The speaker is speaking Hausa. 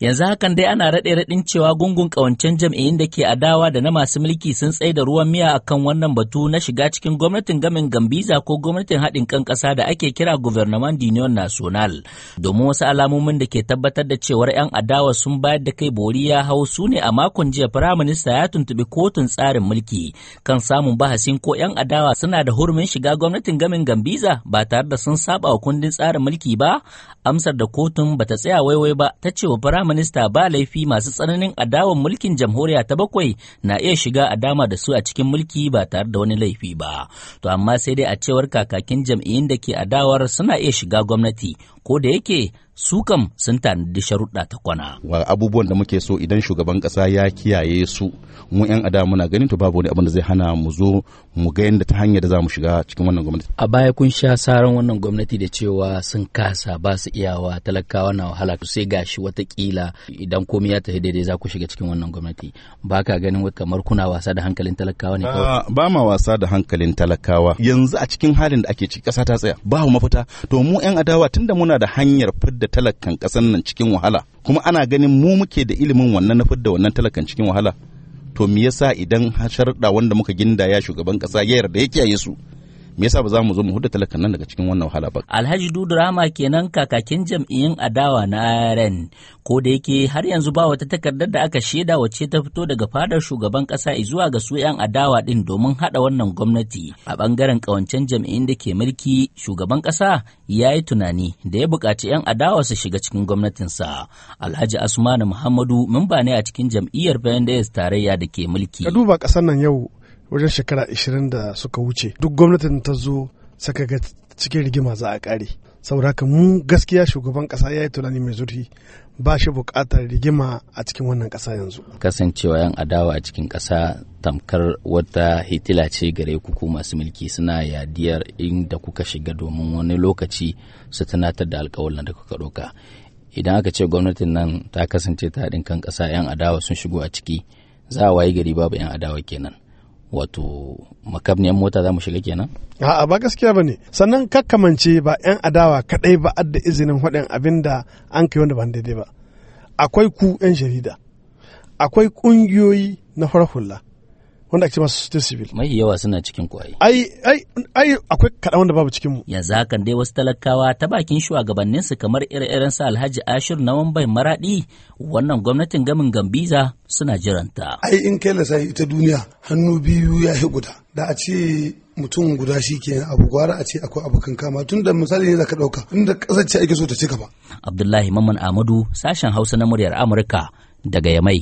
Yanzu hakan dai ana raɗe raɗin cewa gungun ƙawancen jam'iyyun da ke adawa da na masu mulki sun tsaye da ruwan miya akan wannan batu na shiga cikin gwamnatin gamin Gambiza ko gwamnatin haɗin kan ƙasa da ake kira Gouvernement d'Union National. Domin wasu alamomin da ke tabbatar da cewar 'yan adawa sun bayar da kai bori ya hau su ne a makon jiya Firaminista ya tuntuɓi kotun tsarin mulki kan samun bahasin ko 'yan adawa suna da hurumin shiga gwamnatin gamin Gambiza ba tare da sun saba wa kundin tsarin mulki ba? Amsar da kotun bata tsaya waiwai ba ta ce wa minista ba laifi masu tsananin adawan mulkin jamhuriya ta bakwai na iya shiga a dama da su a cikin mulki ba tare da wani laifi ba. To amma sai dai a cewar kakakin jam'iyyun da ke adawar suna iya shiga gwamnati ko da yake su kam sun tanadi sharuɗa ta kwana. Wa abubuwan da muke so idan shugaban ƙasa ya kiyaye su mu 'yan ada muna ganin to babu wani abin da zai hana mu zo mu ga yadda ta hanyar da za mu shiga cikin wannan gwamnati. A baya kun sha saran wannan gwamnati da cewa sun kasa ba su iyawa talakawa na wahala sai gashi watakila idan komai ya tafi daidai za ku shiga cikin wannan gwamnati ba ka ganin kamar kuna wasa da hankalin talakawa ne kawai. Ba ma wasa da hankalin talakawa yanzu a cikin halin da ake ciki ƙasa ta tsaya ba mu mafita to mu 'yan adawa tunda muna da hanyar fidda talakan kasan nan cikin wahala kuma ana ganin mu muke da ilimin wannan na fidda wannan talakan cikin wahala to me yasa idan sharɗa wanda muka ginda ya shugaban kasa ya yarda ya kiyaye su me yasa ba za mu zo mu huda talakan nan daga cikin wannan wahala ba alhaji dudu rama kenan kakakin jam'iyyun adawa na ren ko da yake har yanzu ba wata takardar da aka shaida wacce ta fito daga fadar shugaban kasa zuwa ga su 'yan adawa din domin hada wannan gwamnati a bangaren kawancen jam'iyyun da ke mulki shugaban kasa ya yi tunani da ya buƙaci 'yan adawa su shiga cikin gwamnatinsa alhaji asmanu muhammadu ba ne a cikin jam'iyyar bayan tarayya da ke mulki ka duba ƙasar nan yau wajen shekara 20 da suka wuce duk gwamnatin ta zo saka ga cikin rigima za a kare saboda mu gaskiya shugaban kasa ya yi tunani mai zurfi ba shi bukatar rigima a cikin wannan kasa yanzu kasancewa yan adawa a cikin kasa tamkar wata hitila ce gare ku masu mulki suna yadiyar inda kuka shiga domin wani lokaci su tunatar da alkawalin da kuka ɗauka idan aka ce gwamnatin nan ta kasance ta haɗin kan ƙasa 'yan adawa sun shigo a ciki za a wayi gari babu 'yan adawa kenan wato makabniyan mota za mu shiga kenan? A'a ba gaskiya ba ne. Sannan kakkamance ba 'yan adawa kaɗai ba adda izinin faɗin abin da an kai wanda ba daidai ba. Akwai ku 'yan jarida, akwai ƙungiyoyi na farahulla. wanda ake masu society civil mai yawa suna cikin kwaye ai ai akwai kaɗan wanda babu cikin yanzu hakan dai wasu talakawa ta bakin shugabannin su kamar ire-iren su Alhaji Ashir na Wambai Maradi wannan gwamnatin gamin Gambiza suna jiranta ai in kai lasa ita duniya hannu biyu ya guda da a ce mutum guda shi ke abu gwara a ce akwai abokan kama tun da misali ne za ka ɗauka inda ƙasar ce ake so ta ci gaba. Abdullahi Mamman Amadu sashen Hausa na muryar Amurka daga Yamai.